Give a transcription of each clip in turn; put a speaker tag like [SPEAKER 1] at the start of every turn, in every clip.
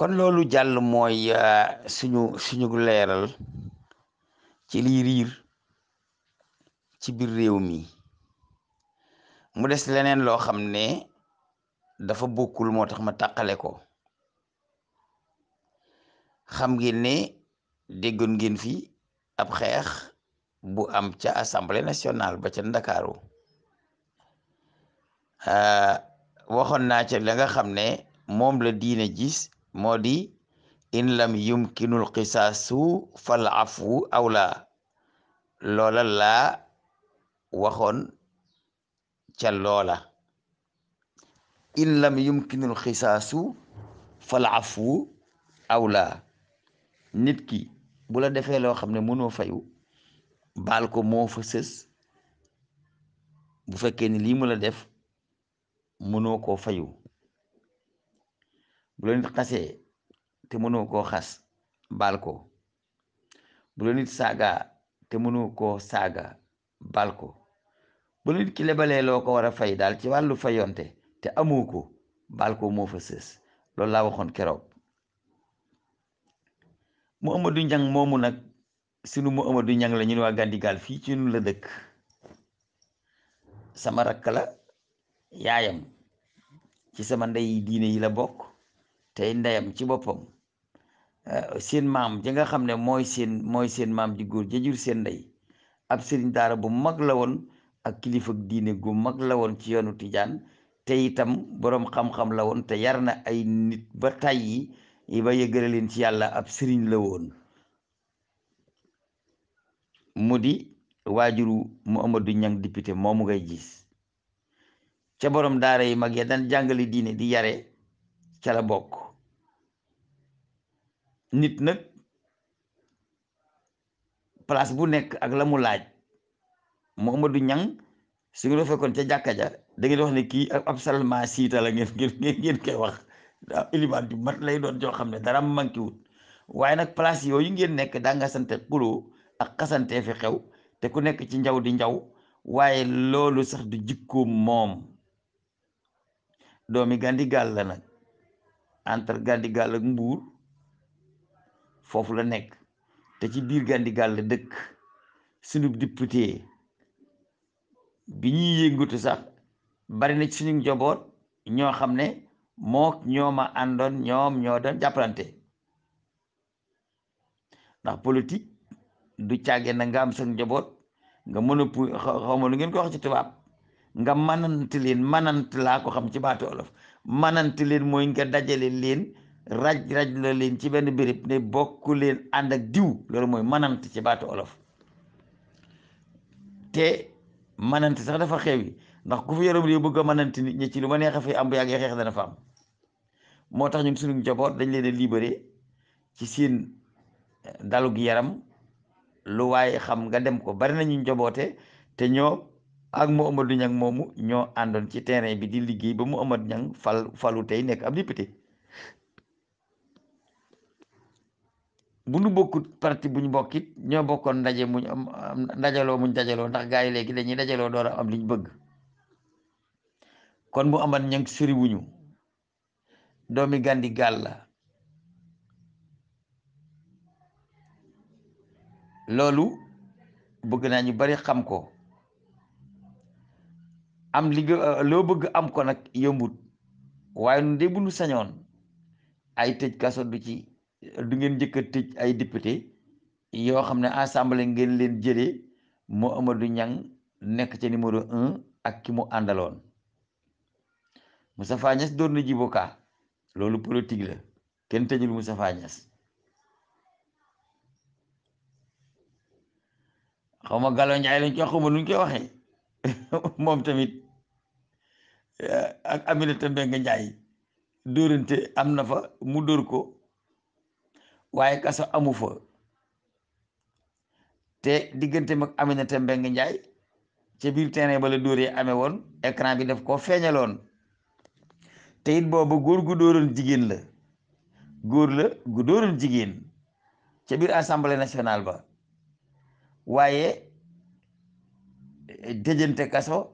[SPEAKER 1] kon loolu jàll mooy euh, suñu suñu leeral ci lii riir ci biir réew mi mu des leneen loo xam ne dafa bokkul moo tax ma tàqale ko xam ngeen ne déggoon ngeen fi ab xeex bu am ca assemblée nationale ba ca ndakaaru euh, waxoon naa ca la nga xam ne moom la diine gis moo di in lam yumkinul qisaasu fal afu awla loola laa waxoon ca loola in lam yumkinul qisaasu fal afu awla nit ki bula defee loo xam ne mënoo fayu baal ko moo sës bu fekkee ni lii mu la def mënoo ko fayu bu la nit xasee te mënoo koo xas baal ko bu la nit saaga te mënoo koo saaga baal ko bu la nit ki lebalee loo ko war a fay daal ci wàllu fayonte te amoo ko baal ko moo fa sës loolu laa waxoon keroog mu Amadou Ñang moomu nag sunu mu Amadou Ñang la ñu ne waa fii ci ñun la dëkk sama rakk la yaayam ci sama ndey diine yi la bokk tey ndeyam ci boppam eh, seen maam ji nga xam ne mooy seen mooy seen maam di góor ja seen ndey ab sëriñ daara bu mag la woon ak kilifa diine gu mag la woon ci yoonu tijaan te itam boroom xam-xam la woon te yar na ay nit ba tàyyi yi ba leen ci yàlla ab sëriñ la woon mu di waajuru mu Amadou Ñang député moomu ngay gis ca boroom daara yi mag ya daan jàngale diine di yare ca la bokk nit nag place bu nekk ak lamu laaj mu laaj du Niang su ngeen fekkoon ca jàkka ja da ngeen wax ne kii ab salma siita la ngeen ngeen ngeen wax daa ilimaan ju mat lay doon joo xam ne dara manqué wut waaye nag place yooyu ngeen nekk daa nga sante xuloo ak xasante fi xew te ku nekk ci njaw di njaw waaye loolu sax du jikkoom moom doomi gandi gaal la nag entre Gandigal ak Mbuur foofu la nekk te ci biir Gandigal la dëkk sunu député bi ñuy yëngatu sax bari na ci suñu njaboot ñoo xam ne mook ñooma àndoon ñoom ñoo doon jàppalante ndax politique du càggee na nga am sa njaboot nga mën a pu xaw ma lu ngeen ko wax ci tubaab nga manant leen manant laa ko xam ci baatu olof manante leen mooy nga dajale leen raj raj la leen ci benn béréb ne bokk leen ànd ak diw loolu mooy manante ci baatu olof te manante sax dafa xewi ndax ku fi yaram réew bëgg a manante nit ci lu ma neex a fi am bu yàggee xeex dana fa moo tax ñun suñu njaboot dañ leen a libéré ci seen eh, dalug yaram lu xam nga dem ko bari nañu njaboote te ñoo ak Mouhamadou Niang moomu ñoo àndoon ci terrain bi di liggéey ba Mouhamadou Niang fal falu tey nekk ab député bu nu bokkut parti bu ñu bokkit ñoo bokkoon ndaje muñ am ndajaloo muñ dajaloo ndax yi léegi dañuy dajaloo door a am liñ bëgg kon Mouhamadou Niang sëriwuñu doomi gandi gaal la loolu bëgg naa ñu bari xam ko am li euh, loo bëgg am ko nag yombut waaye nun de bu nu sañoon ay tëj kaso du ci du ngeen njëkk tëj ay député yoo xam ne assemblée ngeen leen jëlee moo Amadou Niang nekk ca numéro un ak ki mu àndaloon Moustapha Niass doon na Djibo Ka loolu politique la kenn tëjul Moustapha Niass xaw ma Gallo Ndiaye lañ ko xaw ma nuñ koy waxee moom tamit eh, ak Aminata Mbengue Ndiaye dóorante am na fa mu dóor ko waaye kaso amu te diggante mag Aminata Mbengue Ndiaye ca biir terrain ba la dóoree amee woon écran bi def koo feeñaloon te it booba góor gu dóoroon jigéen la góor la gu dóoroon jigéen ca biir assemblée nationale ba waaye tëjante kaso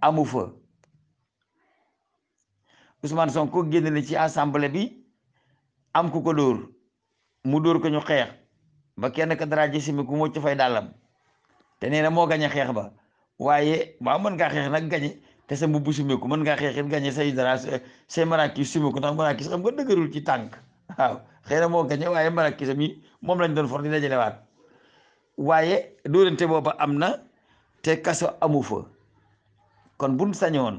[SPEAKER 1] amu fa Ousmane Sonko génn na ci assemblée bi am ku ko dóor mu dóor ko xeex ba kenn ka dara ji simi moo mocc fay te nee na moo gañe xeex ba waaye waaw mën ngaa xeex nag gañe te sa mbubb simiku mën ngaa xeex it gañe say dara say marakis simiku ndax marakis xam nga dëgërul ci tànk waaw xëy moo gañe waaye marakisam yi moom lañ doon for di dajalewaat waaye dóorante booba am na te kaso amu fa kon buñ sañoon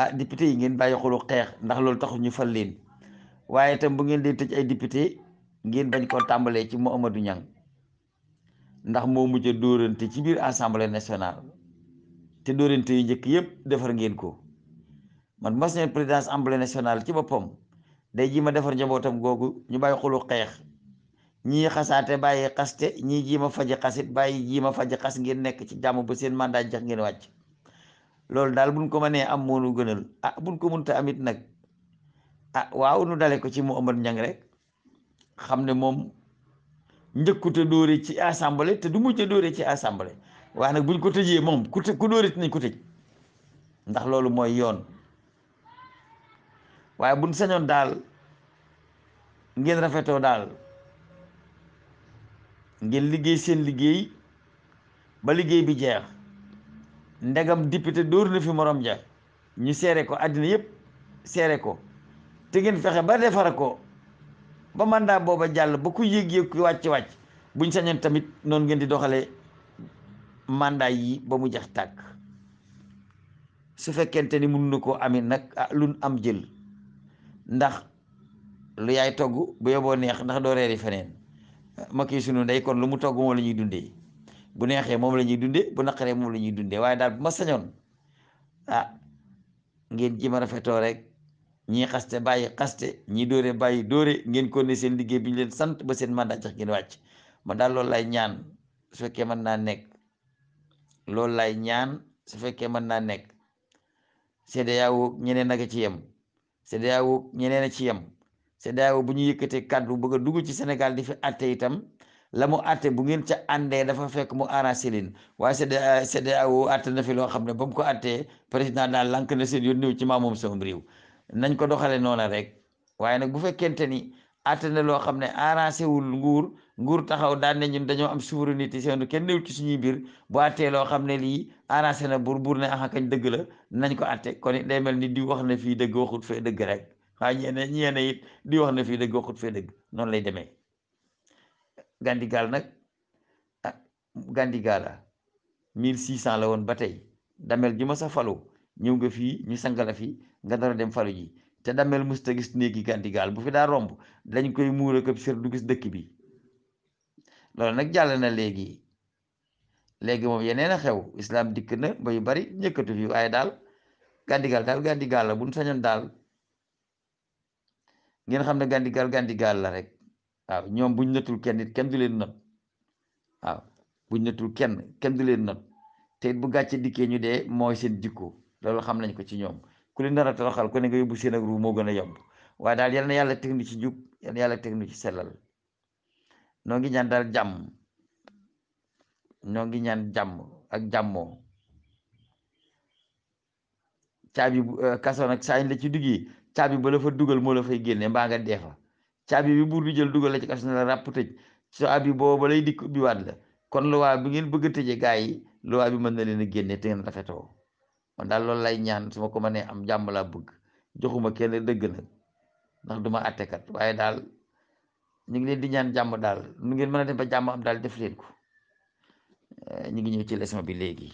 [SPEAKER 1] ah député yi ngeen bàyyi xulu xeex ndax loolu taxu ñu fal leen waaye itam bu ngeen dee tëj ay député ngeen bañ ko tàmbalee ci moo Mouhamadou Niang ndax moo mujj a dóorante ci biir assemblée national te dóorante yi njëkk yëpp defar ngeen ko man mas ñeen présidence assemblée nationale ci boppam day ji ma defar njabootam googu ñu bàyyi xulu xeex ñii xasaate bàyyi xaste ñii jiima faji xasit bàyyi jiima faji xas ngir nekk ci jàmm ba seen mandat jax ngeen wàcc loolu daal buñ ko mënee am moonu gënal ah buñ ko mënta amit nag ah waaw nu dale ko ci Mouhamad Niang rek xam ne moom njëkkute dóore ci assemblée te du mujj a dóore ci assemblée waaye nag buñ ko tëjee moom ku ku dóorit nañ ko tëj ndax loolu mooy yoon waaye buñ sañoon daal ngeen rafetoo daal ngeen liggéey seen liggéey ba liggéey bi jeex ndegam député dóor na fi morom ja ñu seere ko àddina yépp seere ko te ngeen fexe ba defar ko ba mandat booba jàll ba ku yëg-yëg wàcc-wàcc buñ sañoon tamit noonu ngeen di doxale mandat yi ba mu jeex tàkk su fekkente ni mun ko koo amit nag ah am jël ndax lu yaay togg bu yoboo neex ndax doo reeri feneen makki sunu ndey kon lu mu togg moom la ñuy dundee bu neexee moom la ñuy dundee bu naqaree moom la ñuy dundee waaye daal bu ma sañoon ah, a ngeen ji ma rafetoo rek ñii xaste bàyyi xaste ñii doore bàyyi doore ngeen ko ne seen liggéey bi ñu leen sant ba seen mandat jox ngeen wàcc ma daal loolu lay ñaan su fekkee mën naa nekk loolu lay ñaan su fekkee mën naa nekk CEDEAO ñeneen ak ci yem CEDEAO ñeneen a ci yem CEDEAO bu ñu yëkkatee kàddu bëgg a dugg ci Sénégal di fi atte itam la mu atte bu ngeen ca àndee dafa fekk mu arrangé leen waaye CEDEAO CEDEAO atte na fi loo xam ne ba ko attee président daal lànk na seen yoon néew ci maamoom sama réew nañ ko doxalee noona rek waaye nag bu fekkente ni atte na loo xam ne arrangé wul nguur nguur taxaw daan ne ñun dañoo am souveraineté seen kenn néew ci suñuy biir bu attee loo xam ne lii arrangé na buur buur ne ah kañ dëgg la nañ ko atte kon it day mel ni di wax na fii dëgg waxut fee dëgg rek waa ñeene ñeene it di wax na fii dëgg waxut fee dëgg noonu lay demee Gandigal nag ah Gandigala ah, mille cent la woon ba tey damel ji ma sa falu ñëw nga fii ñu sangala fi nga dara dem falu ji te damel musta gis néegi Gandigal bu fi daal romb dañ koy muur ak sër du gis dëkk bi loolu nag jàll na léegi léegi moom yeneen a xew islam dikk na ba yu bari ñëkkatu fi waaye daal Gandigal daal Gandigal bu nu sañoon daal ngeen xam ne gàndigaal gàndigaal la rek waaw ñoom buñ natul kenn kenn du leen not waaw buñ natul kenn kenn du leen not te it bu gàcce dikkee ñu dee mooy seen dikko loolu xam nañ ko ci ñoom ku leen nar a toroxal ko ne nga yóbbu seen ak ruu moo gën a yomb waaye daal yal na yàlla teg nu ci jub yal na yàlla teg nu ci sellal noo ngi ñaan daal jàmm noo ngi ñaan jàmm ak jàmmoo caabi eh, kaso nag saa la ci dugg caabi ba la fa dugal moo la fay génne mbaa nga dee fa caabi bi buur bi jël dugal la ci kaso na la ràpp tëj caabi booba lay dikk ubbiwaat la kon luwaa bi ngeen bëgg a tëjee gaa yi luwaa bi mën na leen a génne te ngeen rafetoo man daal loolu lay ñaan suma ma ko mënee am jàmm laa bëgg joxuma kenn dëgg nag ndax du ma waaye daal ñu ngi leen di ñaan jàmm daal nu ngeen mën a dem ba jàmm am daal def leen ko eh, ñu ngi ñëw ci leçon bi léegi.